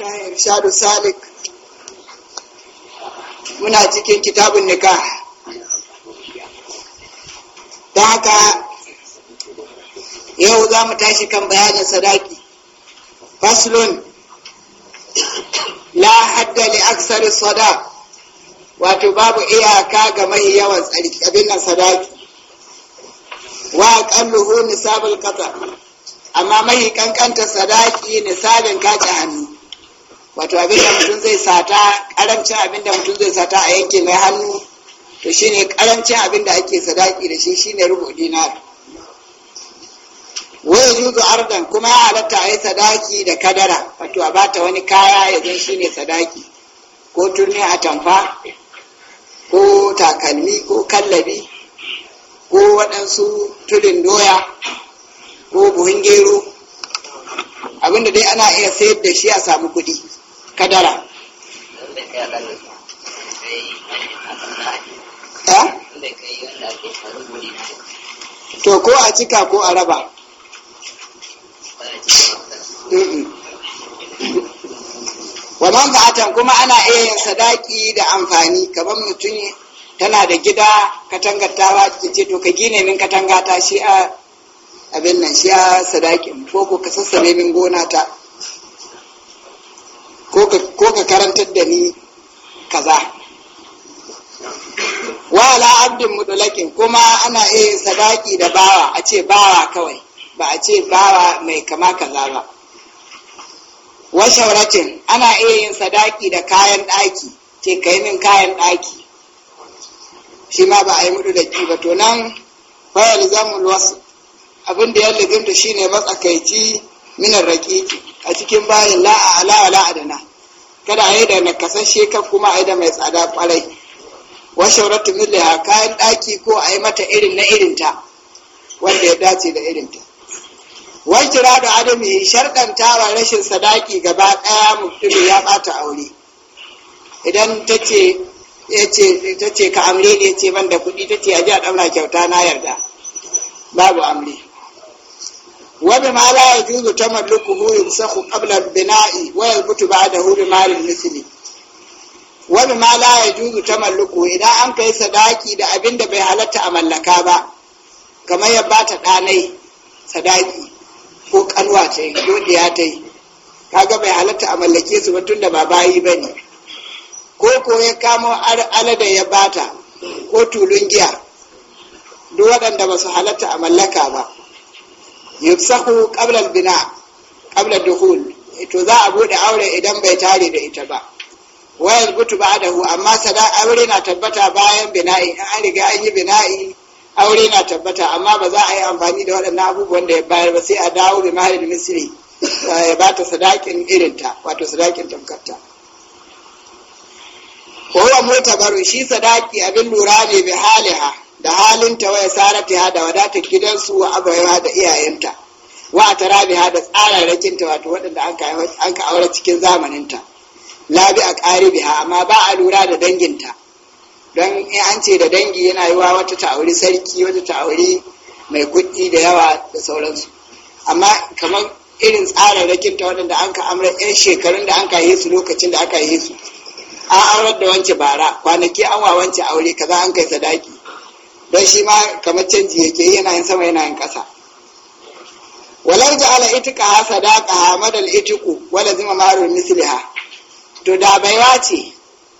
Shadu Salik muna cikin kitabun nika ta haka yau za mu tashi kan bayanin sadaki faslun la hadda li aksari sada wato babu iyaka ga mai yawan tsarki abin nan sadaki wa qalluhu nisabul qata amma mai kankanta sadaki nisabin kace hannu wato abin da mutum zai sata karancin abin da mutum zai sata a yanke mai hannu to shi ne karancin abin da ake sadaki da shi shi ne rubu dinar wani zuzu ardan kuma ya halatta a yi sadaki da kadara wato a bata wani kaya ya shi ne sadaki ko turni a tamfa ko takalmi ko kallabi ko waɗansu tulin doya ko buhun gero abinda dai ana iya sayar da shi a samu kuɗi kadara eh? to ko a cika ko a raba wannan ba'atan kuma ana iya yin sadaki da amfani kamar mutum tana da gida katangar ta ce to ka gine min katanga ta shi a abin nan shi a sadakin ko ko ka sassa min gona ta ko ka karantar da ni kaza wala abdin mutulakin kuma ana iya sadaki da bawa a ce bawa kawai ba a ce bawa mai kama kaza ba washauratin ana iya yin sadaki da kayan ɗaki ce ka min kayan ɗaki shi ma ba a yi mudu da ki ba to nan fayar zamun wasu abin da ya shi shine matsakaici minar rakiki a cikin bayin la'ala ala ala adana kada a yi da nakasashe kan kuma a yi da mai tsada kwarai wa shauratu a kayan ɗaki ko a yi mata irin na irinta wanda ya dace da irinta wai kira da adami wa rashin sadaki gaba ɗaya mutum ya ɓata aure idan ta ce ta ce ka amre ne ce ban da kuɗi ta ce a ji a ɗaura kyauta na yarda babu amre وبما لا يجوز تملكه يمسخ قبل البناء ويثبت بعده بمال المثل وبما لا يجوز تملكه إذا أنك يسداكي da abin da bai halatta a mallaka ba kamar ya bata ɗanai sadaki ko kanwa yi ta yi kaga bai halatta a mallake su ba da ba bayi ba ne ko ko ya kamo alada ya bata ko tulun giya duk waɗanda ba su halatta a mallaka ba yufsahu qabla al-bina qabla dukhul to za a bude aure idan bai tare da ita ba wa yazbutu ba'dahu amma sada aure na tabbata bayan bina'i in an riga an yi bina'i aure na tabbata amma ba za a yi amfani da waɗannan abubuwan da ya bayar ba sai a dawo bi mahalin misri eh, ya ba ta sadakin irinta wato sadakin tamkarta wa huwa mutabaru shi sadaki abin lura ne bi haliha da halin ta waya sarata da wadatar gidansu wa abaiwa da iyayenta wa biya da tsararrakinta wato waɗanda an ka aure cikin zamaninta labi a biya, amma ba a lura da danginta don in an ce da dangi yana wa wata ta aure sarki wata ta aure mai kuɗi da yawa da sauransu amma kamar irin tsararrakinta waɗanda an ka amra 'yan shekarun da an ka yi su lokacin da aka yi su an aurar da wance bara kwanaki an wa wance aure kaza an kai sadaki don shi ma kamar canji yake yana yin sama yana yin ƙasa walar da ala da ka sadaka madal itiku wala zima maru misliha to da baiwa ce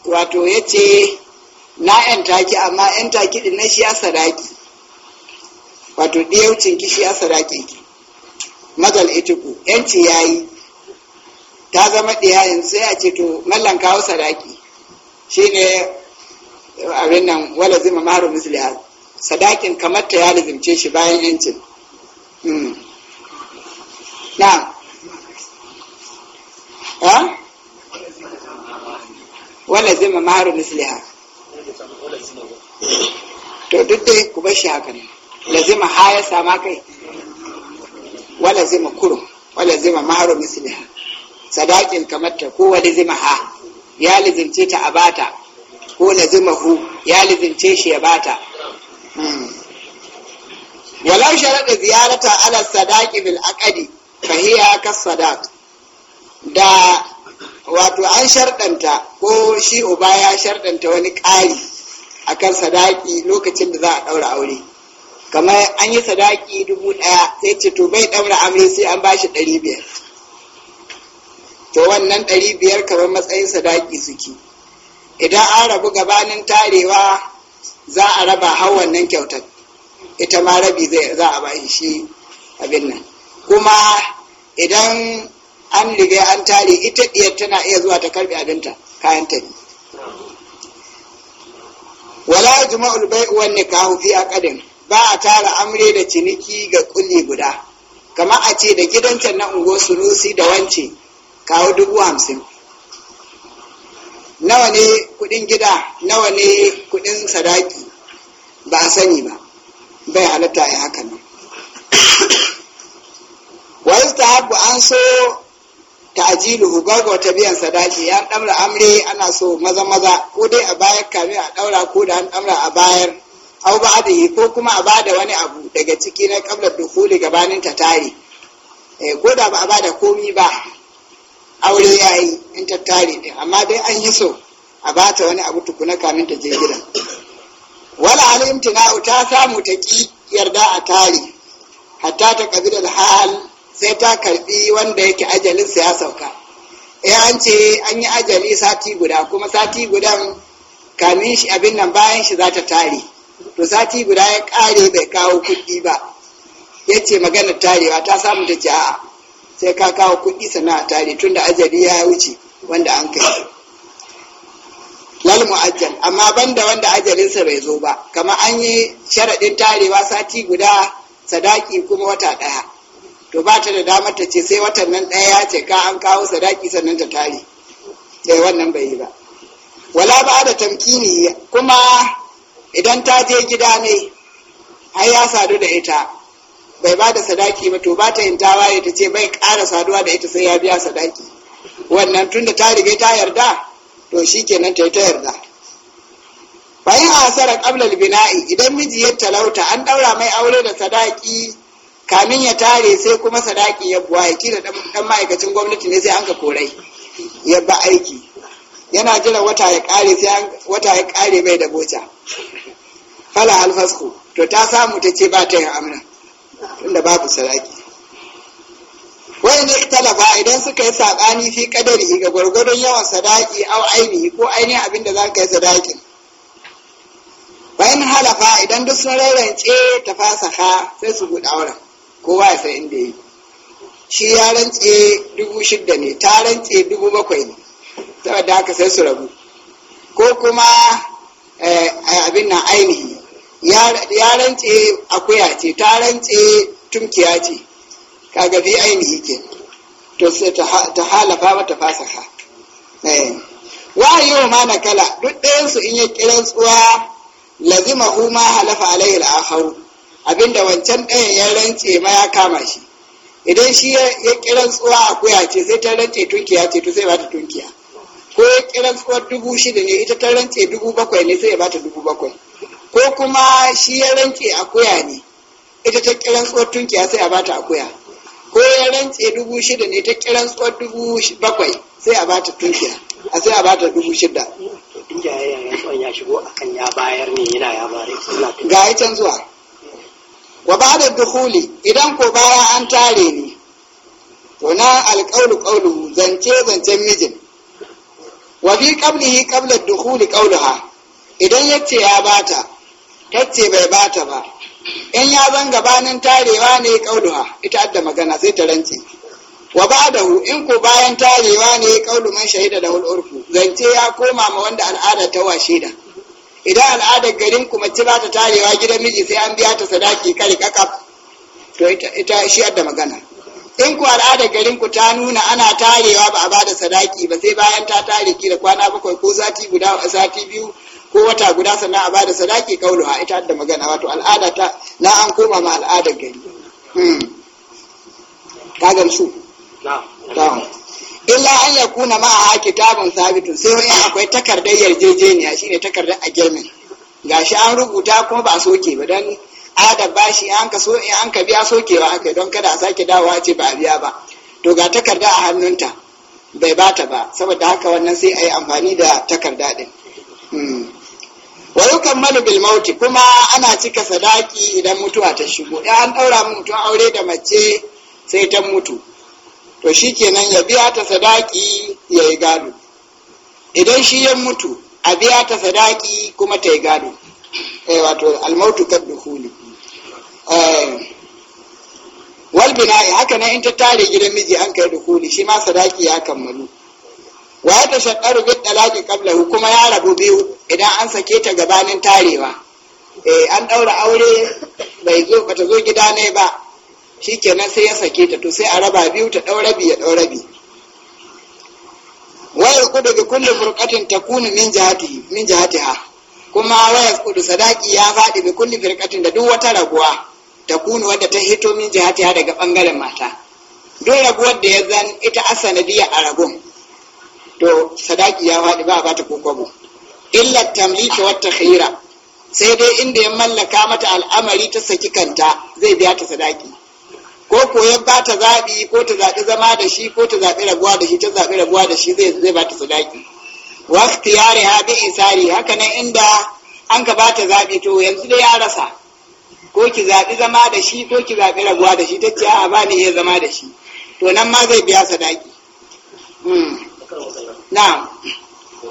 wato ya ce na yan taki amma yan taki din na shi ya sadaki wato diyaucin ki shi ya sadaki ki madal itiku yanci yi. ta zama ɗaya yanzu sai a ce to mallan kawo sadaki shi ne abin nan wala zima maru misliha sadakin kamar ta ya lizimce shi bayan yancin hmm. na ha wala zima maharu misliha to duk dai ku bar shi haka ne lazima ha ya sama kai wala zima kurum wala zima maharu misliha sadakin kamar ta ko wala zima ha ya lizimce ta a bata ko lazima hu ya lizince shi ya bata walau sharaɗa ziyarata ala sadaki bil aqadi fa hiya ka sadaq da wato an sharɗanta ko shi uba ya sharɗanta wani ƙari akan sadaki lokacin da za a ɗaura aure kamar an yi sadaki dubu ɗaya sai ce to bai ɗaura aure sai an bashi ɗari biyar to wannan ɗari biyar kamar matsayin sadaki suke idan an rabu gabanin tarewa za a raba hawan nan kyauta, ita ma rabi za a bayi shi abin nan kuma idan an riga an tare ita diyar tana iya zuwa ta karbi abinta kayan ta ne wala juma'ul bai'u wan nikahu fi aqdin ba a tara amre da ciniki ga kulli guda kamar a ce da gidan can na ungo sunusi da wance kawo dubu hamsin nawa ne kudin gida nawa ne kudin sadaki ba a sani ba bai halatta ya haka nan ta haɓu an so ta ta'jiluhu gaga ta biyan sadaki ya daura amre ana so maza maza ko dai a bayar kame a ɗaura ko da an daura a bayar au yi ko kuma a bada wani abu daga ciki na qabla dukuli gabanin ta tare eh, ko da ba a bada komi ba aure ya yi in ta tare amma dai an yi so a ba ta wani abu tukuna kamin ta je gidan wala alimtina'u ta samu ta ki yarda a tare hatta ta kabilar hal sai ta karbi wanda yake ajalinsa ya sauka eh an ce an yi ajali sati guda kuma sati gudan kamin shi abin nan bayan shi za ta tare to sati guda ya kare bai kawo kuɗi ba yace ce maganar tarewa ta samu ta ce a'a sai ka kawo kuɗi sana a tare tun da ajali ya wuce wanda an kai lal mu'ajjal amma banda wanda ajalinsa bai zo ba kamar an yi sharaɗin tarewa sati guda sadaki kuma wata ɗaya to ba ta da damar ta ce sai watan nan ɗaya ya ce ka an kawo sadaki sannan ta tare sai eh, wannan bai yi ba wala ba da tamkini kuma idan ta je gida ne har ya sadu da ita bai ba da sadaki ba to ba ta yin tawaye ta ce bai ƙara saduwa da ita sai ya biya sadaki wannan tun da ta riga ta yarda to shi kenan ta yi ta yarda bayan a asara ƙablal bina'i idan miji ya talauta an ɗaura mai aure da sadaki kamin ya tare sai kuma sadaki ya buwa ya kira ɗan ma'aikacin gwamnati ne sai an ka korai ya ba aiki yana jiran wata ya ƙare sai wata ya ƙare mai da boca fala alfasku to ta samu ta ce ba ta yin amna tunda babu saraki wa'inda ikhtalafa idan suka yi saɓani fi kadari ga gwargwadon yawan sadaki au ainihi ko ainihin abin da za ka yi sadakin bayan halafa idan duk sun rarrance ta fasaha sai su buɗe auren kowa ya san inda yi shi ya rantse dubu shidda ne ta rantse dubu bakwai ne saboda haka sai su rabu ko kuma eh, abin nan ainihi ya rantse akuya ce ta rantse tumkiya ce kaga fi ainihi ke to sai ta halafa mata fasaha eh. wa yi ma na kala duk ɗayansu in yi kiran tsuwa lazima huma halafa alaihi al'akharu abinda wancan ɗayan ya rantse ma ya kama shi idan shi ya kiran tsuwa akuya ce sai ta rantse tunkiya ce to sai ba ta tunkiya ko ya kiran tsuwa dubu shida ne ita ta rantse dubu bakwai ne sai ya ba ta dubu bakwai ko kuma shi ya rance akuya ne ita ta kiran tsuwar tunkiya sai a bata akuya ko ya rance dubu shida ne ta kiran tsohon dubu bakwai sai a bata tunkiya a sai a bata dubu shida ga yi can zuwa wa ba da duhuli idan ko baya an tare ni to na alƙaulu ƙauluhu zance zancen mijin wa fi qablihi duhuli dukhuli ha idan yace ya bata tacce bai bata ba in ya zan gabanin tarewa ne kauluma ita adda magana sai ta rance. wa hu in ko bayan tarewa ne kaulu shahida da urfu zance ya koma ma wanda al'ada ta washe da idan al'adar garin kuma ci ba ta tarewa gidan miji sai an biya ta sadaki kare kakaf to ita shi adda magana in ku al'adar garin ku ta nuna ana tarewa ba a ba da sadaki ba sai bayan ta tare ki da kwana bakwai ko sati guda sati biyu ko wata guda sannan a bada sadaki a ita da magana wato al'ada ta na an koma ma al'adar gari hmm. ka gamsu illa an ya kuna a kitabun sabitun sai wani akwai takardar yarjejeniya shine takardar agreement gashi an rubuta kuma ba soke ba don adab bashi an ka so an ka biya sokewa aka don kada a sake dawowa ce ba a biya ba to ga takarda a hannunta bai bata ba saboda haka wannan sai a yi amfani da takarda din hmm. wa yukammalu bil mauti kuma ana cika sadaki idan mutuwa ta shigo in an daura mu mutum aure da mace sai ta mutu to shikenan ya biya ta sadaki ya yi gado idan shi ya mutu a biya ta sadaki kuma ta yi gado eh wato almautu kad dukhuli eh wal bina'i haka nan in ta tare gidan miji an kai dukhuli shi ma sadaki ya kammalu wa ta shaɗaru bid dalaqi qablahu kuma ya rabu biyu idan an sake ta gabanin tarewa eh an ɗaura aure bai zo bata zo gida ne ba shikenan sai ya sake ta to sai a raba biyu ta ɗau rabi ya ɗau rabi waya kudu bi kulli furqatin takunu min jihati min ha? kuma waya kudu sadaki ya faɗi bi kulli furqatin da duk wata raguwa ta kunu wadda ta hito min ha daga bangaren mata duk raguwar da ya zan ita asanadiya a ragun to sadaki ya faɗi ba ba ta kokobo illa tamliki wa takhira sai dai inda ya mallaka mata al'amari ta saki kanta zai biya ta sadaki ko ko ya ba ta zaɓi ko ta zaɓi zama da shi ko ta zaɓi rabuwa da shi ta zaɓi rabuwa da shi zai zai ba ta sadaki wa ikhtiyari ha bi isari haka nan inda an ka ba ta zaɓi to yanzu dai ya rasa ko ki zaɓi zama da shi ko ki zaɓi rabuwa da shi ta ce a ba ni iya zama da shi to nan ma zai biya sadaki hmm. na'am Eh.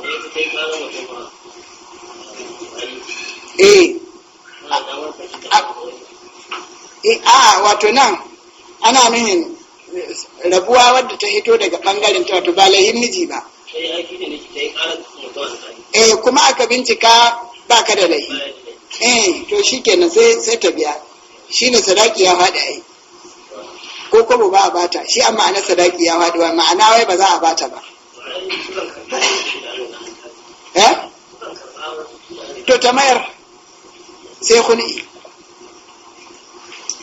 a eh, ah, wato nan ana nuhin eh, rabuwa wadda ta hito daga bangaren ta wato ba lahin miji ba e kuma aka bincika ba ka da lahi eh to shi kenan sai ta biya shi ne sadaki ya faɗi ai ko kuma ba a bata shi amma ana sadaki ya faɗi ma'ana wai ba za a bata ba ha to ta mayar sai kuni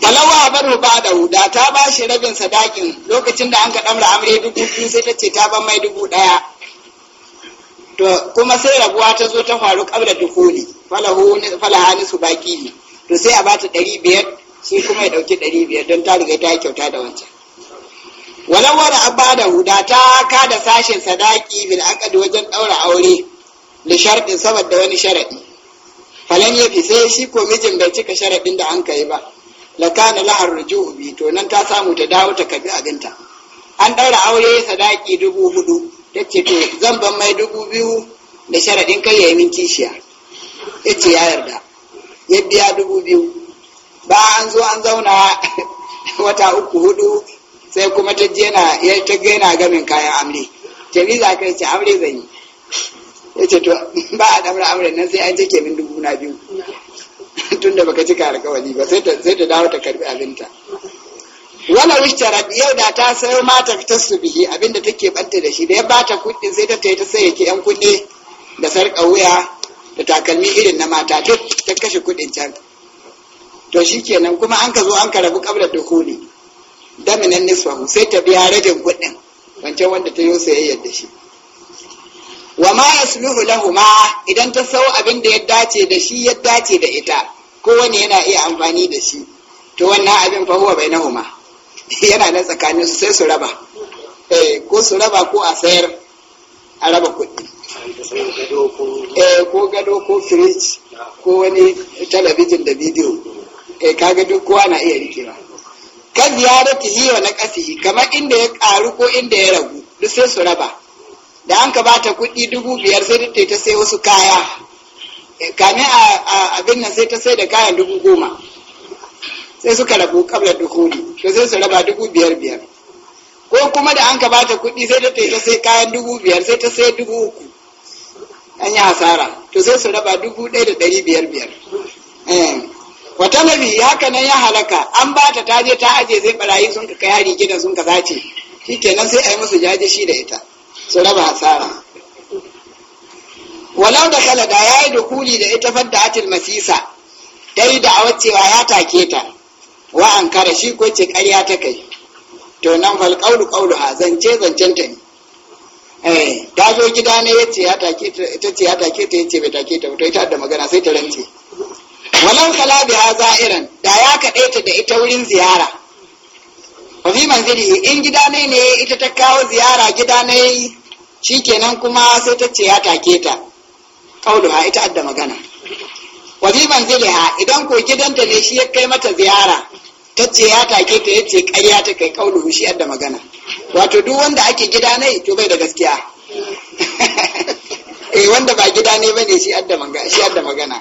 talawa bar ba da da ta ba shi rabin sadakin lokacin da an ka damar amre dubu biyu sai ta ce ta ban mai dubu daya to kuma sai rabuwa ta zo ta faru kabla dukuli falahu falaha nisu baki to sai a bata ɗari biyar shi kuma ya dauki ɗari biyar don ta riga ta kyauta da wancan walau wani abada huda ta kada sashen sadaki bil akadi wajen daura aure da sharɗin saboda wani sharaɗi falan fi sai shi ko mijin bai cika sharaɗin da an kai ba la kana lahar ruju'u bi to nan ta samu ta dawo ta kabi abinta an daura aure sadaki dubu hudu tace to zan ban mai dubu biyu da sharaɗin kai ya yi min kishiya yace ya yarda ya biya dubu biyu ba an zo an zauna wata uku hudu sai kuma ta jena ya ta gena gamin kayan amri tafi za ka ce amri zan yi ya ce to ba a damar amri nan sai an cike min dubu na biyu tun da baka cika alkawari ba sai ta dawo ta karbi abinta wala rabi yau da ta sayo mata fitar su bihi abinda take banta da shi da ya ba ta kuɗi sai ta ta sai yake yan kuɗi da sarƙa wuya da takalmi irin na mata ta kashe kuɗin can to shi kenan kuma an ka zo an ka rabu da kuɗi daminan nisfahu sai ta biya rabin kuɗin wancan wanda ta yi sayayyar da shi wa ma yasluhu ma idan ta sau abin da ya dace da shi ya dace da ita ko wani yana iya amfani da shi to wannan abin fa huwa bainahuma yana nan tsakanin sai su raba eh, ko su raba ko a sayar a raba kuɗi eh ko gado ko firij ko wani talabijin da bidiyo eh kaga duk kowa na iya rikewa ka ziyarati hiwa na kasi kamar inda ya karu ko inda ya ragu duk sai su raba da an ka bata kuɗi dubu biyar sai ta ta sai wasu kaya eh, kame a abin nan sai ta sai da kayan dubu goma sai suka rabu kabla dukuli to sai su raba dubu biyar biyar ko kuma da an ka bata kuɗi sai ta ta sai kayan dubu biyar sai ta sai dubu uku an yi hasara to sai su raba dubu ɗaya da ɗari biyar biyar eh. wata nabi haka nan ya halaka an ba ta taje je ta aje sai barayi sun ka kai hari gidan sun ka zace shikenan sai a yi musu jaje shi da ita su raba hasara walau da kala da yayi dukuli da ita fadda atil masisa dai da cewa ya take ta wa an kara shi ko ce ƙarya ta kai to nan fal qawlu qawlu ha zance zancen ta ne eh ta zo gida ne yace ya take ta ita ce ya take ta yace bai take ta to ita da magana sai ta rance. waman kala biha za'iran da ya kaɗaita da ita wurin ziyara wa manzili in gida ne ne ita ta kawo ziyara gida ne shikenan kuma sai ta ce ya take ta kauluha ita adda magana wa fi manziliha idan ko gidanta ne shi ya kai mata ziyara ta ce ya take ta yace ƙarya ta kai kauluhu shi adda magana wato duk wanda ake gida to bai da gaskiya eh wanda ba gida ne bane shi adda magana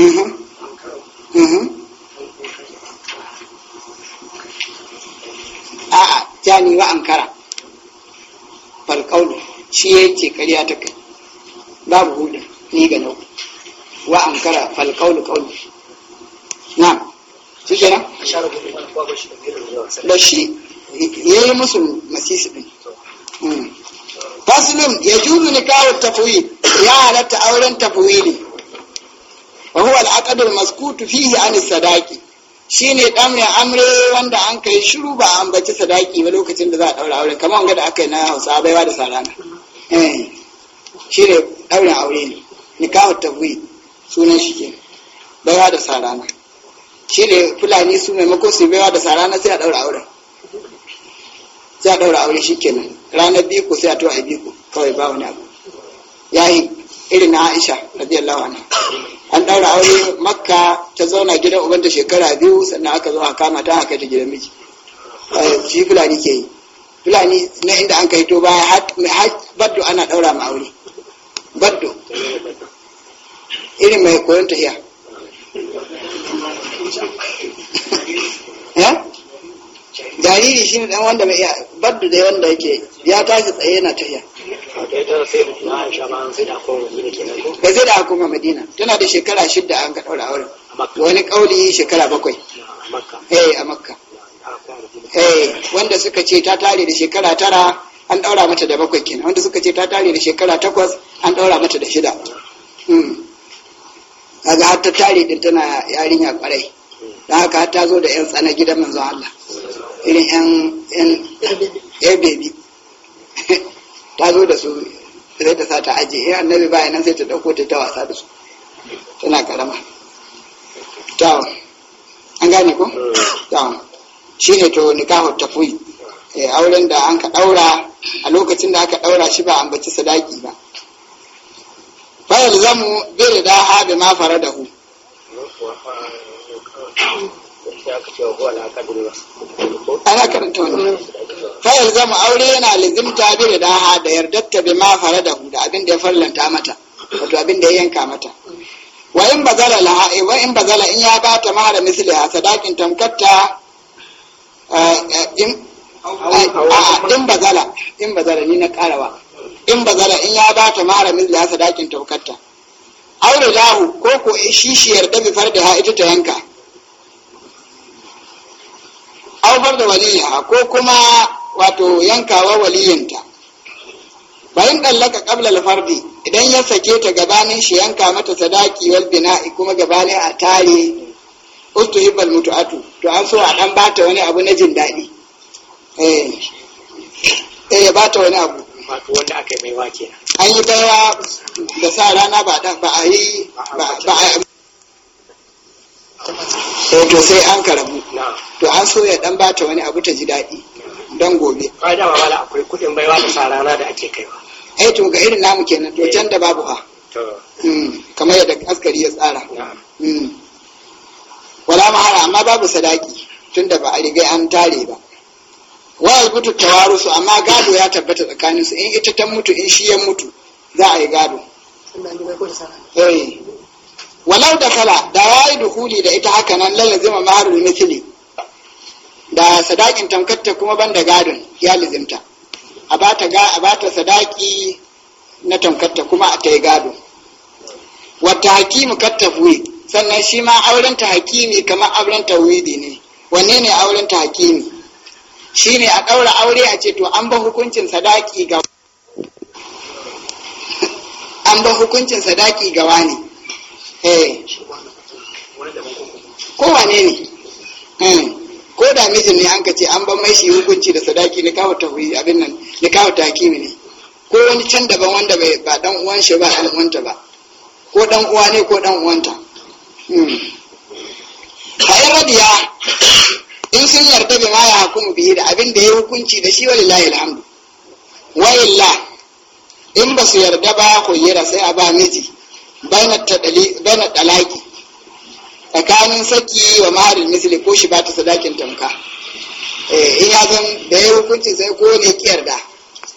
Mm-hmm. Mm-hmm. a'a jani wa ankara falkaunu shi ya ce karya ta kai babu huda ni ga nau wa ankara falkaunu kaunu na su kenan da shi ya yi musu masisi ɗin mm. fasilin ya juru ni kawo tafuyi ya halatta auren tafuyi ne wa huwa al-aqdul maskutu fihi an sadaqi shine dan amre wanda an kai shiru ba an baci sadaki ba lokacin da za a daura auren kamar ga da aka yi na Hausa baiwa da sarana eh shine ɗaurin aure ne nikahu tawhid sunan shi ke baiwa da sarana shine fulani su maimako su baiwa da sarana sai a daura auren sai a daura aure shi kenan ranar biyu ko sai a tuwa biyu kawai ba wani abu yayi irin na Aisha radiyallahu anha an ɗaura aure makka ta zauna gidan ubanta shekara biyu sannan aka zo a kama ta aka ta gidan miji eh, shi fulani ke yi fulani na inda an kai to ba baddo ana ɗaura ma aure baddo irin mai koyon tafiya eh? jariri shi ne ɗan wanda mai baddo dai wanda yake ya tashi tsaye na tafiya ita da ko Madina Madina tana da shekara shida an ka daura auren wani kauli shekara bakwai eh, a Makka eh, wanda suka ce ta tare da shekara tara an daura mata da bakwai kenan wanda suka ce ta tare da shekara takwas an daura mata da shida hmm. a ga ta tare din tana yarinya kwarai da haka ta zo da yan tsana gidan manzon Allah irin yan yan baby ta zo da su sai ta sa ta aje eh annabi baya nan sai ta dauko ta ta wasa da su tana karama ta an gane ko ta ne to nikahu tafwi eh auren da an ka daura a lokacin da aka daura shi ba ambaci sadaki ba fa yalzamu da da bi ma faradahu ana karanta wannan fayil zama aure yana lizimta bi da daha da yardatta bi ma fara da huda abin da ya farlanta mata wato abin da ya yanka mata wa in bazala laha eh, wa in bazala in ya da mahara a sadakin tamkatta eh, eh, in bazala in bazala ni na karawa in bazala in ya da mahara a sadakin tamkatta aure lahu ko ko shi shi yarda bi farda ha ita ta yanka aufar da waliya ko kuma wato yankawa waliyinta bayan ɗallaka ƙablar fardi idan ya sake ta gabanin shi yanka mata sadaki wal bina'i kuma gabanin a tare ustu hibbal mutu'atu to an so a dan bata wani abu na jin daɗi eh eh bata wani abu wato yi baiwa kenan an yi baiwa da sa rana ba a yi ba eh to sai an karabu to an so ya dan bata wani abu ta ji daɗi don gobe ai da akwai kudin baiwa ta sa da ake kaiwa eh to ga irin namu kenan to eh. can da babu ha mm, kamar yadda askari ya tsara mm. wala mahara amma babu sadaki tunda ba a riga an tare ba wa albutu tawarusu amma gado ya tabbata tsakaninsu in ita ta mutu in shi ya mutu za a yi gado eh walau da kala da yayi dukuli da ita haka nan zama maharul mithli da sadakin tamkatta kuma banda gadon ya lizimta. a bata ga a bata sadaki na tamkatta kuma a tai gado wata hakimu kattafuwi sannan shi ma auren ta hakimi kamar auren tawhidi ne wanne ne auren ta hakimi shine a ɗaura aure a ce to an ba hukuncin sadaki ga an ba hukuncin sadaki ga wani kowane eh. ko wane ne hmm. ko da mijin ne an ka ce an ban mai shi hukunci da sadaki ni kawo hui abin nan ni kawo ta hakimi ne ko wani can daban wanda bai ba dan uwan shi ba dan uwanta ba ko dan uwa ne ko dan uwanta hmm. yi radiya in sun yarda bi ma ya hukumu biyu da abin da ya hukunci da shi layi alhamdu wa la in ba su yarda ba ko yira sai a ba miji baina ɗalaƙi tsakanin saki wa maharin misali ko shi ba ta sadakin tamka eh, in ya zan da ya hukunci sai ko ne ki yarda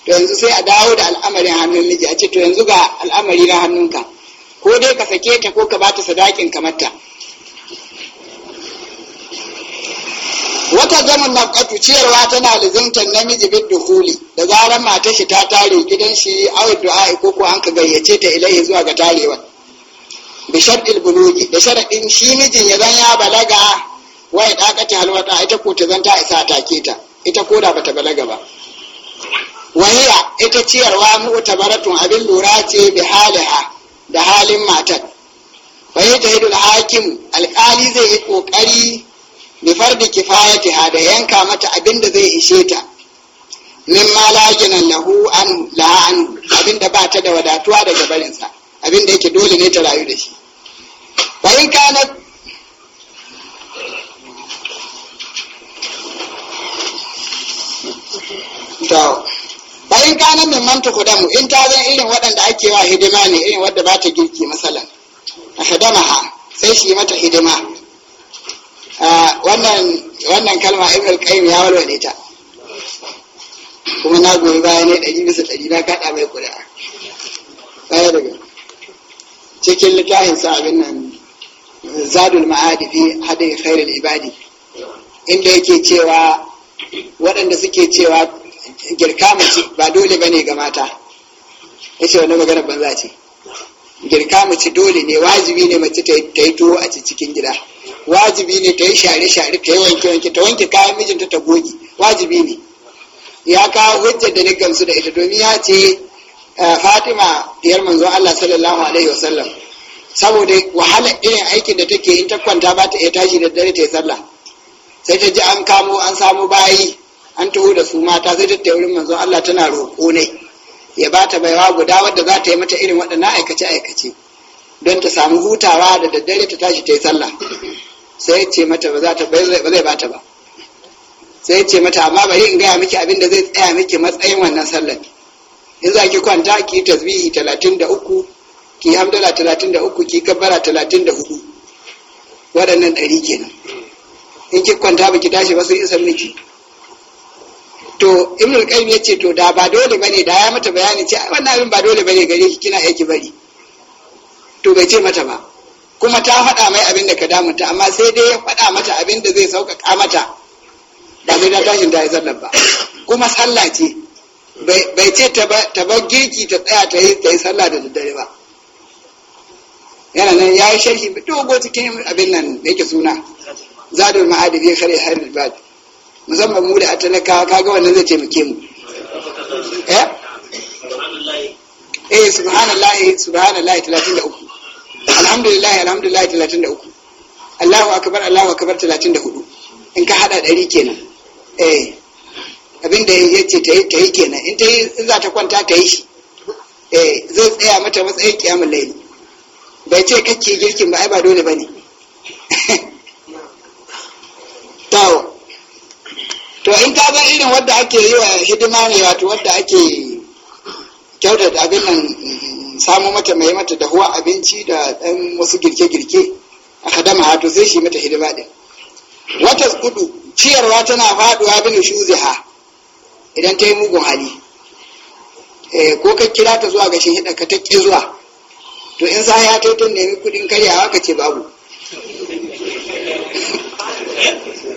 to yanzu sai a dawo da al'amarin hannun miji a ce to yanzu ga al'amari na hannunka ko dai ka sake ta ko ka ba ta sadakin ta. wata zaman na nafkatu ciyarwa tana lizimtar namiji bid dukhuli da zarar mata shi ta tare gidan shi awi du'a ko ko an ka gayyace ta ilaihi zuwa ga tarewa bi shar'il da sharadin shi mijin ya zan ya balaga wai ya dakata halwata ita ko ta zanta isa take ta ita ko da bata balaga ba wahiya ita ciyarwa mu'tabaratun abin lura ce bi haliha da halin matar wahiya ta hidul hakim alƙali zai yi ƙoƙari bi fardi kifayatiha da yanka mata abin da zai ishe ta min ma lajinan lahu an la an abin da ba ta da wadatuwa daga barinsa abin da yake dole ne ta rayu da shi bayan kana to bayan kana min manta kudamu in ta zan irin waɗanda ake wa hidima ne irin wadda ba ta girki misalan a hadamaha sai shi mata hidima wannan wannan kalma ibn al-qayyim ya walwale ta kuma na goyi baya ne ɗari bisa ɗari na kaɗa mai kuri'a baya daga cikin littafin sa abin nan zadul ma'adi fi hadin khairul ibadi inda yake cewa waɗanda suke cewa girka mace ba dole bane ga mata yace wannan magana banza ce girka mace dole ne wajibi ne mace ta yi tuwo a cikin gida wajibi ne ta yi share-share ta yi wanke-wanke ta wanke kayan mijinta ta goge wajibi ne ya kawo hujjar da na gamsu da ita domin ya ce Eh, fatima diyar manzon allah sallallahu alaihi wasallam saboda wahala irin aikin da take in ta kwanta ba ta iya tashi da dare ta yi sallah sai ta ji an kamo an samu bayi an taho da su mata sai ta wurin manzon allah tana roƙo ne ya ba ta baiwa guda wadda za ta yi mata irin waɗannan aikace aikace don ta samu hutawa da daddare ta tashi ta yi sallah sai ce mata ba za ta ba zai ba ta ba sai ce mata amma bari in gaya miki abin da zai tsaya miki matsayin wannan sallar in za ki kwanta ki tasbihi 33 ki hamdala 33 ki kabbara 34 waɗannan ɗari kenan in ki kwanta baki tashi ba sun san miki to ibnul qayyim yace to da ba dole bane da ya mata bayani ce wannan abin ba dole bane gare ki kina aiki bari to bai ce mata ba kuma ta faɗa mai abin da ka damunta amma sai dai ya faɗa mata abin da zai sauƙaƙa mata ba sai ta tashin ta yi sallar ba kuma sallah ce bai ce ta bar girki ta tsaya ta yi sallah da daddare ba yana nan ya yi sharhi dogo cikin abin nan da yake suna zadul ma'adi bi kare harin bad musamman mu da atalaka kaga wannan zai taimake mu eh eh subhanallahi subhanallahi 33 alhamdulillah alhamdulillah 33 Allahu akbar Allahu akbar 34 in ka hada dari kenan eh abin da ya ce ta yi kenan in ta yi in za ta kwanta ta yi shi eh, zai tsaya mata matsayin kiyamun laili bai ce kake girkin ba ai ba dole ba ne tawo to in ta zan irin wadda ake yi wa hidima ne wato wadda ake kyautata abin nan samu mata mai mata da huwa abinci da ɗan wasu girke-girke a kadama wato sai shi mata hidima din. wata kudu ciyarwa tana faduwa bin ha. idan ta yi mugun hali eh, ko ka kira ta zuwa ga shehida ka ta ƙi zuwa to in sa ya ta ta nemi kudin karyawa ka ce babu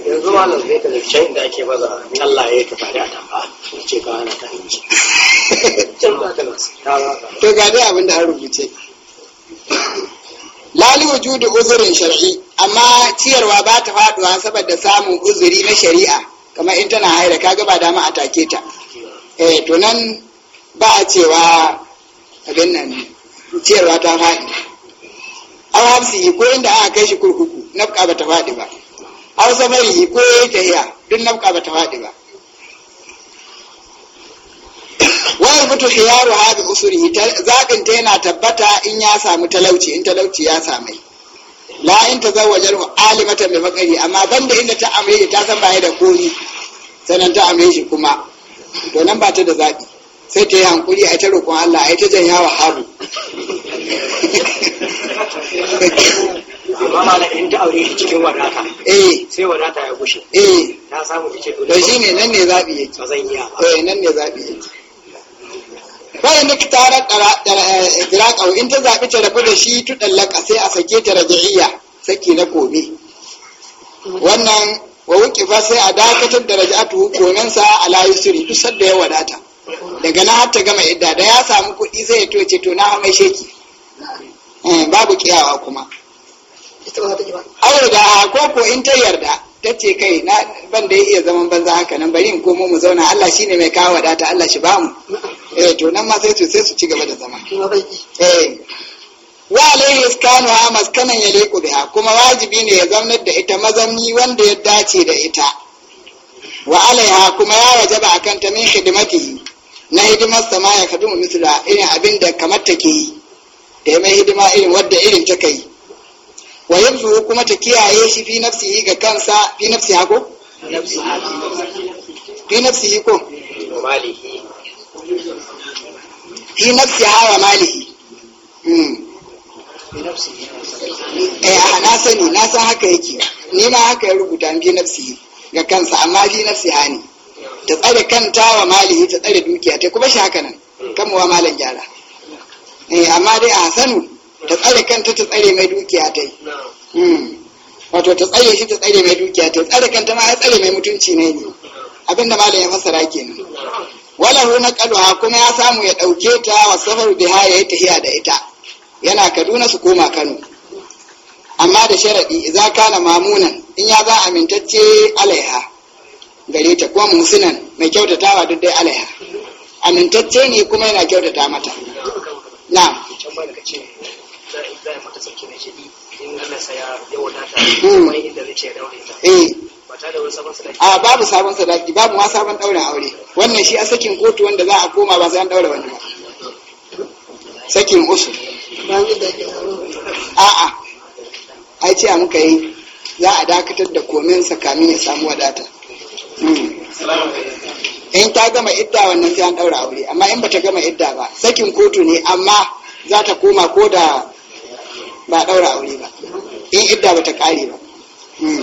yanzu ma nan zai ka da shayin da ake baza Allah ya ka fada ta ba ce ka hana ta hanci to ga dai abin da an rubuce lali wujudu uzurin shar'i amma ciyarwa ba ta faduwa saboda samun uzuri na shari'a kamar in tana haira kaga ba dama a take ta eh to nan ba a cewa abin nan ciyarwa ta faɗi aw hafsi ko inda aka kai shi kurkuku nafka ba ta faɗi ba aw yi ko yayi tahiya duk nafka ba ta faɗi ba Wani mutu khiyaru hadi usuri zaɓin ta yana tabbata in ya samu talauci in talauci ya samai la in ta zawajar mu alimatan da makari amma banda inda ta amaye ta san baya da kori sanan ta amaye shi kuma to nan ba ta da zaɓi sai ta yi hankuri a ta roƙon Allah a ta janya wa haru amma mala in ta aure shi cikin wadata eh sai wadata ya gushe eh ta samu ita to shine nan ne zaɓi yake ba zan iya ba eh nan ne zaɓi yake bayan da ta diraka eh, in ta zaɓi ta rabu da shi ɗallaka sai a sake ta raji'iyya saki na kobe wannan wa wuki ba sai a dakatar da raja'atu konansa a layu suri duk sadda ya wadata daga na har ta gama idda da ya samu kuɗi sai ya toce to na mai sheki eh, babu kiyawa kuma da ko ko in ta yarda ta ce kai na ban da iya zaman banza haka nan bari in komo mu zauna Allah shine mai kawo wadata Allah shi bamu eh to ma sai sai su ci gaba da zama eh, wa alaihi iskanu ha maskanan ya leku biha kuma wajibi ne ya zaunar da ita mazanni wanda ya dace da ita wa alaiha kuma ya wajaba akan ta min hidimati na hidimar sama ya kadu misla irin abin da kamar take yi da mai hidima irin wadda irin ta kai wa yanzu kuma ta kiyaye shi fi nafsihi ga kansa fi nafsi hako fi nafsi ko fi nafsi hawa malihi hmm. eh na sani na san haka yake ni ma haka ya rubuta fi nafsi ga kansa amma fi nafsi hani ta tsare kanta wa malihi ta tsare dukiya ta kuma shi haka nan kan wa malan gyara eh amma dai a hasanu ta tsare kanta ta tsare mai dukiya ta yi hmm. wato ta tsare shi ta tsare mai dukiya ta tsare kanta ma ya tsare mai mutunci ne ne abinda malam ya fassara kenan walahu naqaluha kuma ya samu ya ɗauke ta wa safar biha yi tahiya da ita yana Kaduna su koma Kano amma da sharadi idza kana mamunan in ya ba amintacce alaiha gare ta kuma musunan mai kyautatawa duk dai alaiha amintacce ne kuma yana kyautata mata na wani a babu sabon sadaki babu ma sabon daura aure wannan shi a sakin kotu wanda za a koma ba sai an daura wani ba sakin usul a'a ai ce muka yi za a dakatar da komen kamin ya samu wadata hmm. in ta gama idda wannan sai an daura aure amma in bata gama idda ba sakin kotu ne amma za ta koma ko da ba daura aure ba in idda bata kare ba hmm.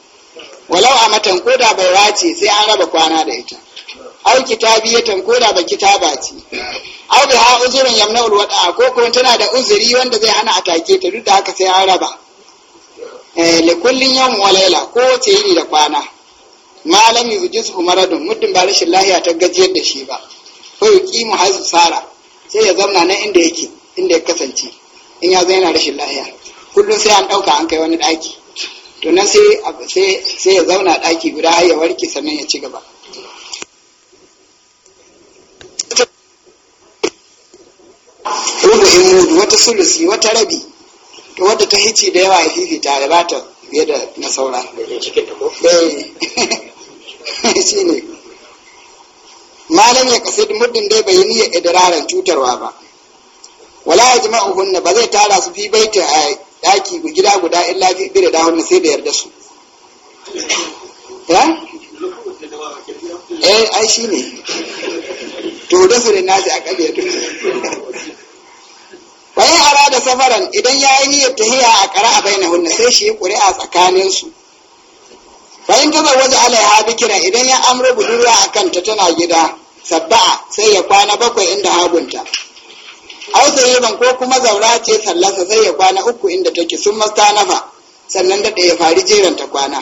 walau a matan koda baiwa ce sai an raba kwana da ita au kitabiyatan koda ba kitaba ce au bi ha uzurin yamna ulwada ko kuma tana da uzuri wanda zai hana a take ta duk da haka sai an raba eh le kullin yawm wa layla ko wace yini da kwana malam yujizhu umaradun muddin ba rashin lahiya ta gajiyar da shi ba ko mu hazu sara sai ya zauna nan inda yake inda ya kasance in ya zo yana rashin lahiya kullum sai an dauka an kai wani daki to nan sai ya zauna daki guda ya warke sannan ya ci gaba rubu'in mudu wata sulusi wata rabi to wadda ta hici da yawa ya fifita da bata fiye da na saura eh, shi ne malam ya muddin dai bai yi idrarin cutarwa ba wala ya jima'uhunna ba zai tara su fi baita a daki gida guda in fi bi da wannan sai da yarda su ya eh? eh ai shi ne to da su na nashi a kabe to bayan ara da safaran idan ya yi niyyar tahiya a kara a na hunna sai shi yi ƙuri'a tsakanin su bayan ta waje alaiha bikira idan ya amri budurwa a kanta tana gida sabba'a sai ya kwana bakwai inda hagunta au yi ko kuma zaura ce sallasa Zai ya kwana uku inda take sun masta nafa, sannan daɗe ya fari jeran ta kwana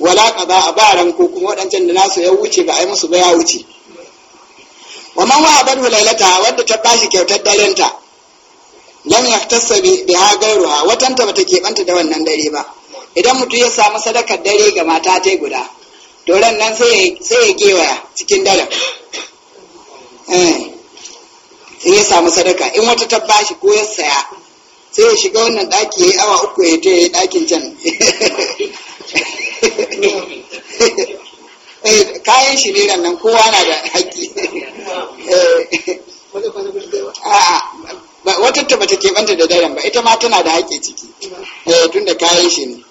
wala kaza a ba ran ko kuma waɗancan da nasu ya wuce ba a musu ba ya wuce wa man wa'abat lailata wadda ta bashi kyautar daren ta lam yahtassa bi ha gairuha watan ta bata keɓanta da wannan dare ba idan mutum ya samu sadakar dare ga mata ta guda to ran nan sai ya gewaya cikin daren eh. sai ya samu sadaka in wata ta bashi ko ya saya sai ya shiga wannan daki ya yi awa uku ya ta ya ɗakin can kayan shi ne nan kowa na da haƙƙi wata ta bata keɓanta da daren ba ita ma tana da haƙƙi ciki tun da kayan shi ne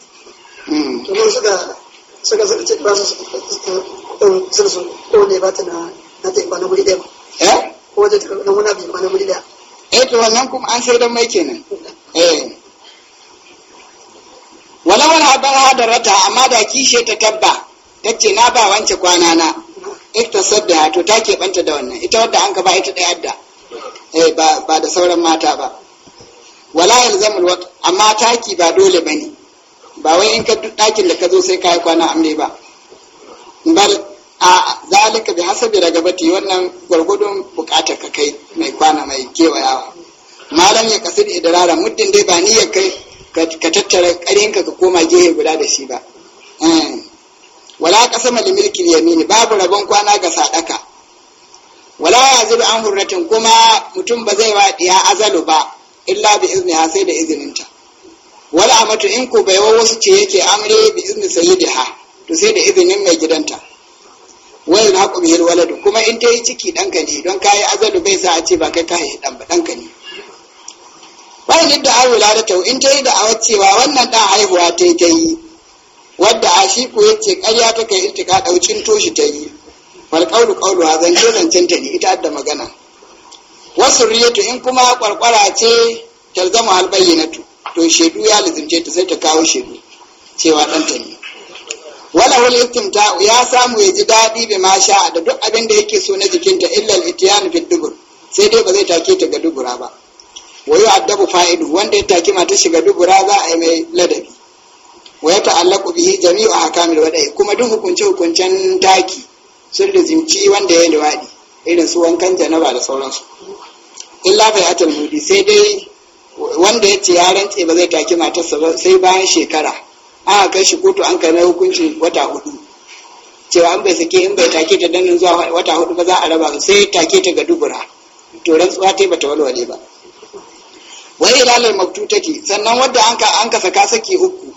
ba su ba ta na ta ba na guri ɗaya ba ko wajen na wani abu na wuri da eh to wannan kuma an shaidan mai kenan eh walawar habar hadarata amma da kishe ta tabba ta ce na ba wance kwana na ita eh, sadda to ta keɓanta da wannan ita wadda an gaba ita ɗaya yadda eh ba da sauran mata ba wala yalzamu wat amma taki ba dole bane ba wai in ka duk ɗakin da ka zo sai ka yi kwana amne ba bal a zalika bi hasabi ragabati wannan gwargwadon bukatar ka kai mai kwana mai kewayawa malam ya da idrara muddin dai ba ni ya kai ka tattara karinka ka koma gehe guda da shi ba eh. wala kasama li milkin yamini babu rabon kwana ga sadaka wala yazilu an hurratin kuma mutum ba zai wadi ya azalu ba illa bi izni ha sai da ta. wala amatu in ko bai wasu ce yake amre bi izni sayyidiha to sai da izinin mai gidanta Wai na hil waladu kuma in ta yi ciki ɗanka ne don yi azalu bai sa a ce ba kai kayi ɗan ba ɗanka ne wula da ta'u in ta yi da awa cewa wannan ɗan haihuwa ta yi ta yi wadda a shi ko ya ce ƙarya ta kai iltika ɗaucin toshi ta yi wal ƙaulu ƙaulu a zance zancen ta ne ita da magana wasu riyatu in kuma ƙwarƙwara ce ta zama to shaidu ya lizince ta sai ta kawo shaidu cewa ta ne wala wal istimta ya samu ya ji daɗi bi ma da duk abin da yake so na jikinta illa al-ityan fi dubur sai dai ba zai take ta ga dubura ba wa addabu fa'idu wanda ya take mata shiga dubura za a yi mai ladabi waya ta'allaqu bihi jami'u ahkamil wada'i kuma duk hukunce hukuncen taki sun rizimci wanda ya liwadi irin su wankan janaba da sauransu illa bai atal mudi sai dai wanda ya ce ya rantse ba zai take matarsa ba sai bayan shekara aka kai shi kotu an kai mai hukuncin wata hudu cewa an bai sake in bai take ta danin zuwa wata hudu ba za a raba sai take ta ga dubura to rantsuwa ta bata walwale ba wai ilalar maktu take sannan wadda an ka an ka saka saki uku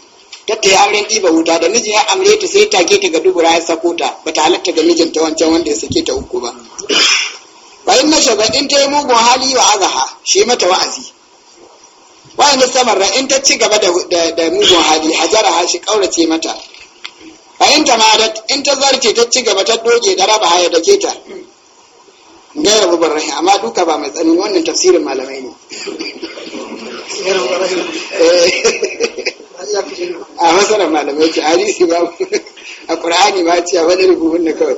ta ta auren ɗiba wuta da mijin ya amre ta sai take ta ga dubura ya sako ta bata halatta ga mijin ta wancan wanda ya sake ta uku ba bayan na shagaɗin ta yi mugun hali wa azaha shi mata wa'azi wa samar da in ta ci gaba da da mugun hali hajara ha shi kaurace mata a in ta in ta zarce ta ci gaba ta doge da raba haya da keta gairar babban rahim amma duka ba mai tsanani wannan tafsirin malamai ne eh. a masarar malamai ce hadisi ba a ƙur'ani ba ce a wani rubutun na kawai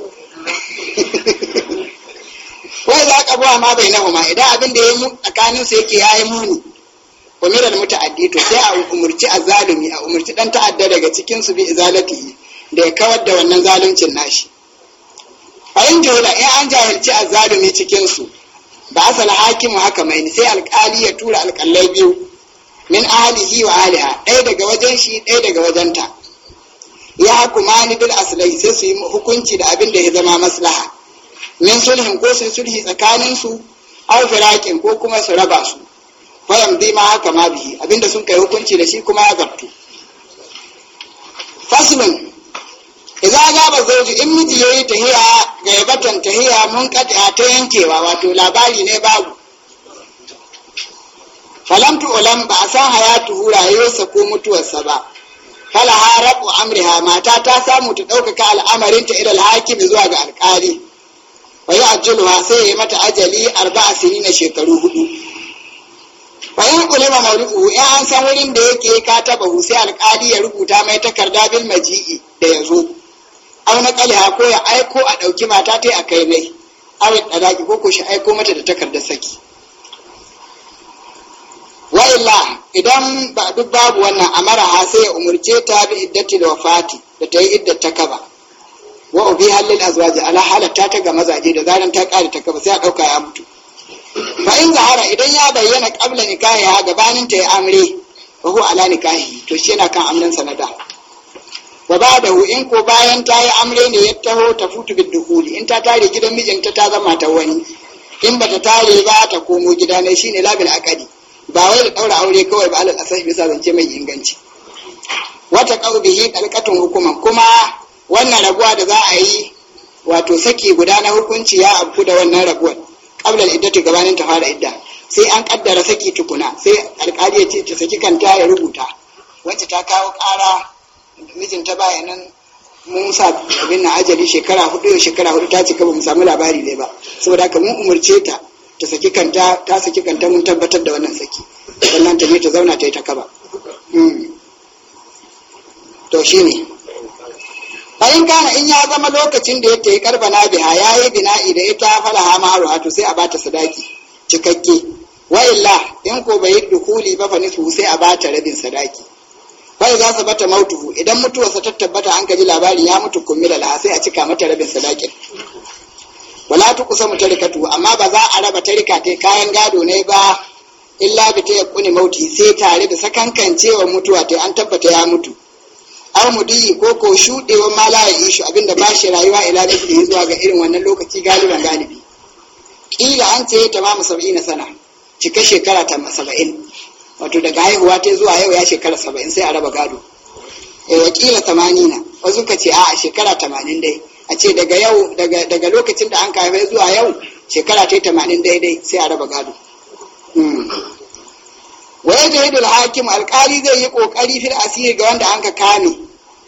wai za ka buwa ma bai nahuma idan abin da ya yi tsakaninsu yake ya yi muni umiral muta'addi to sai a umurci azalimi a umurci dan ta'adda daga cikin su bi izalatihi da ya kawar da wannan zaluncin nashi a yin jahila in an jahilci azalimi cikin su ba asal hakimu haka mai sai alkali ya tura alkalai biyu min alihi wa aliha ɗaya daga wajen shi ɗaya daga wajenta ya kuma ni bil aslai sai su yi hukunci da abin da ya zama maslaha min sulhin ko sun sulhi tsakanin su aw firakin ko kuma su raba su wayan bi ma haka ma bihi abinda sun kai hukunci da shi kuma ya gabtu Fasmin. idan gaba zauji in miji yayi tahiya ga yabatan tahiya mun kada ta yankewa wato labari ne babu falamtu ulam ba a san hayatu rayuwarsa ko mutuwarsa ba fala harabu amriha mata ta samu ta ɗaukaka al'amarinta ilal hakim zuwa ga alƙali wa yi sai ya mata ajali arba'a sini na shekaru hudu bayan kulima mawdu'u in an san wurin da yake ka taba sai alkali ya rubuta mai takarda bil maji'i da ya zo au na ko ya aiko a ɗauki mata tai a kai mai da daki ko ko shi aiko mata da takarda saki wa'ila idan ba duk babu wannan amara ha sai ya umurce ta bi iddati da wafati da tayi iddat ta kaba wa ubi halil azwaji ala halatta ta ga mazaje da zaran ta kare ta sai a ɗauka ya mutu fa in zahara idan ya bayyana qabla nikahi ha gabanin ta ya amre fa huwa ala nikahi to shi yana kan amran sanada wa hu in ko bayan ta yi amre ne ya taho ta futu bid dukuli in ta tare gidan mijinta ta zama ta wani in bata tare ba ta komo gida ne shine labil akadi ba wai da daura aure kawai ba alal asai bisa zance mai inganci wata qawbihi qalqatun hukuman kuma wannan rabuwa da za a yi wato saki guda na hukunci ya abu da wannan rabuwar qabla iddati gabanin ta fara idda sai an kaddara saki tukuna sai alƙali ya ce ta saki kanta ya rubuta wacce ta kawo ƙara mijinta ta nan mun sa ajali shekara hudu shekara hudu ta cika ba mu samu labari ne ba saboda haka mun umurce ta ta saki kanta ta saki kanta mun tabbatar da wannan saki sannan ta ne ta zauna ta yi ta kaba hmm. to shine bayan kana in ya zama lokacin da ya ta karbana biha ya yi bina'i da ita falaha maharu to sai a bata sadaki cikakke wa illa in ko bai dukuli ba fa nisu sai a bata rabin sadaki Wai za su bata mautuhu idan mutuwarsa ta tabbata an ji labari ya mutu kummila laha sai a cika mata rabin sadakin wala tu kusa mutarikatu amma ba za a raba tarika ta kayan gado ne ba illa bi ta yakuni mauti sai tare da sakankancewa mutuwa ta an tabbata ya mutu armudi ko ko shudewa ma ya ishu abinda ba shi rayuwa ila da shi zuwa ga irin wannan lokaci galiban galibi kila an ce ta tamamu na sana cika shekara ta 70 wato daga haihuwa ta zuwa yau ya shekara 70 sai a raba gado eh kila 80 wasu ka ce a shekara 80 dai a ce daga yau daga lokacin da an kai zuwa yau shekara ta 80 dai sai a raba gado hmm. wa yajhidul hakim alkali zai yi kokari fil asiri ga wanda an ka kame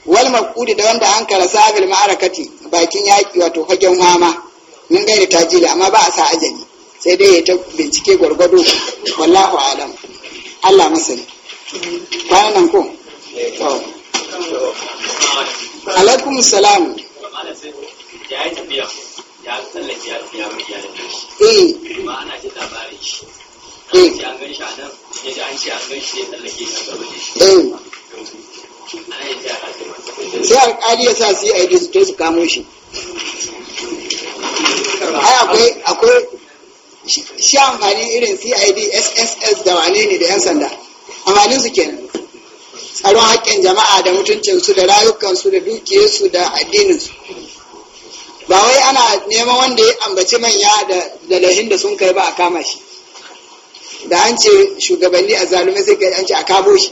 wal maqudi da wanda anka rasa bil ma'arakati bakin yaki wato fagen fama min gaira tajili amma ba a sa ajali sai dai ya ta bincike gwargwado wallahu alam Allah masani bayan nan ko alaikum salam ya yi tafiya ya tsallake ya tafiya mai iyalin shi eh ma ana ji labarin shi Eh. Eh. sai alƙali ya sa su yi su shi ai akwai shi amfani irin cid sss da wane ne da yan sanda amfanin su kenan tsaron haƙƙin jama'a da mutuncinsu da rayukansu da dukiyarsu da addininsu ba wai ana neman wanda ya ambaci manya da lahin da sun kai ba a kama shi da an ce shugabanni a zalume sai kai an ce a kamo shi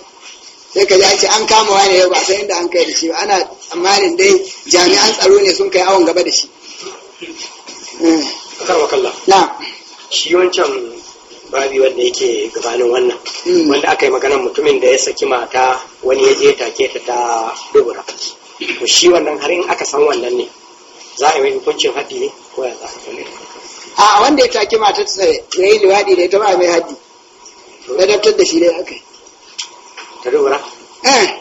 sai ka ji an ce an kama wani yau ba sai inda an kai da shi ba ana tsammanin dai jami'an tsaro ne sun kai awon gaba da shi eh. na shi wancan babi wanda yake gabanin wannan hmm. wanda aka yi maganar mutumin da ya saki mata wani ya je take ta ta dubura shi wannan har in aka san wannan ne za a yi kuncin haɗi ne ko ya za a a wanda ya take mata ta ya yi liwaɗi da ita ba mai haddi ladabtar da shi dai aka yi ta dubura eh.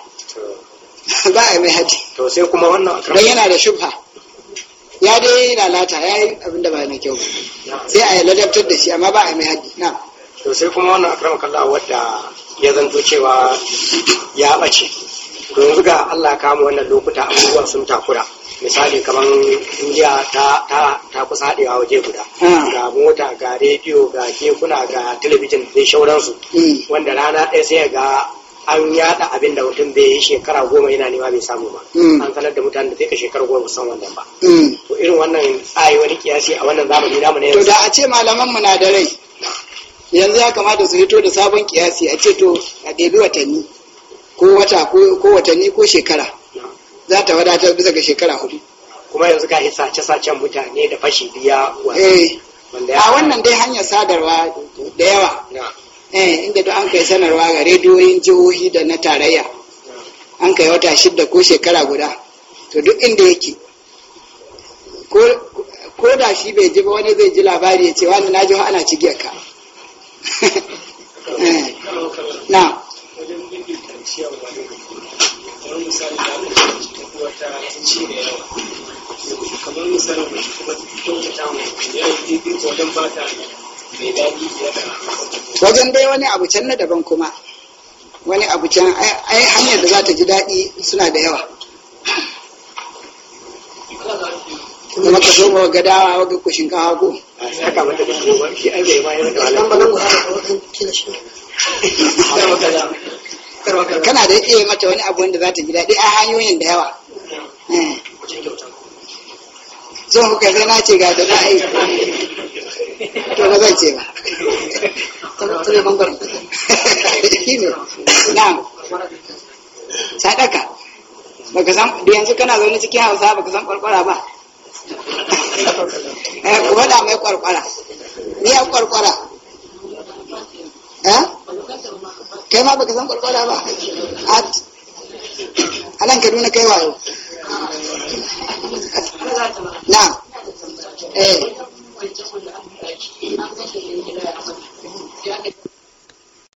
ba a mai haddi to sai kuma wannan don yana da shubha ya dai lalata ya yi abin da ba mai kyau sai a yi ladabtar da shi amma ba a mai haddi na to sai kuma wannan akrama kallah wadda ya zanto cewa ya ɓace to yanzu ga Allah kama wannan lokuta abubuwan sun takura misali kamar duniya ta kusa haɗewa waje guda ah. ga mota ga rediyo ga kekuna ga talabijin da shauransu hmm. wanda rana ɗaya sai ga an yada abin da mutum bai yi shekara goma yana nema bai samu ba hmm. an sanar da mutane da zai ka shekara goma san wannan ba hmm. to irin wannan tsayi wani kiyasi a wannan zamani namu ne to da a ce malaman mu na da rai yanzu ya kamata su fito da sabon kiyasi a ce to a ɗebi watanni ko wata ko watanni ko shekara za ta wadatar bisa ga shekara hudu kuma yanzu ga sace sacen mutane da fashi biya eh. a wannan dai hanyar sadarwa da yawa eh, inda duk an kai sanarwa ga rediyoyin jihohi da na tarayya an kai wata shidda ko shekara guda to duk inda yake ko da shi bai ji ba wani zai ji labari ya ce wani na ji ana ci ka eh. na ci da yawa kamar misalin da kuma cikin ta mu ya yi daidai wajen ba ta mai daɗi ya da wajen dai wani abu can na daban kuma wani abu can ai hanyar da za ta ji daɗi suna da yawa kuma ka zo ma ga dawa ga ku shinkafa ko saka mata da shi ai bai bayar da wala kana da iya mata wani abu wanda za ta ji daɗi a hanyoyin da yawa zan kuka sai na ce ga da na yi to ba zan ce ba tuna bangon shi ne na sadaka ba ka san da yanzu kana zaune cikin hausa ba ka san kwarkwara ba eh, ku faɗa mai kwarkwara ni ya kwarkwara eh? kai ma ba ka san kwarkwara ba a nan kaduna kai wayo na eh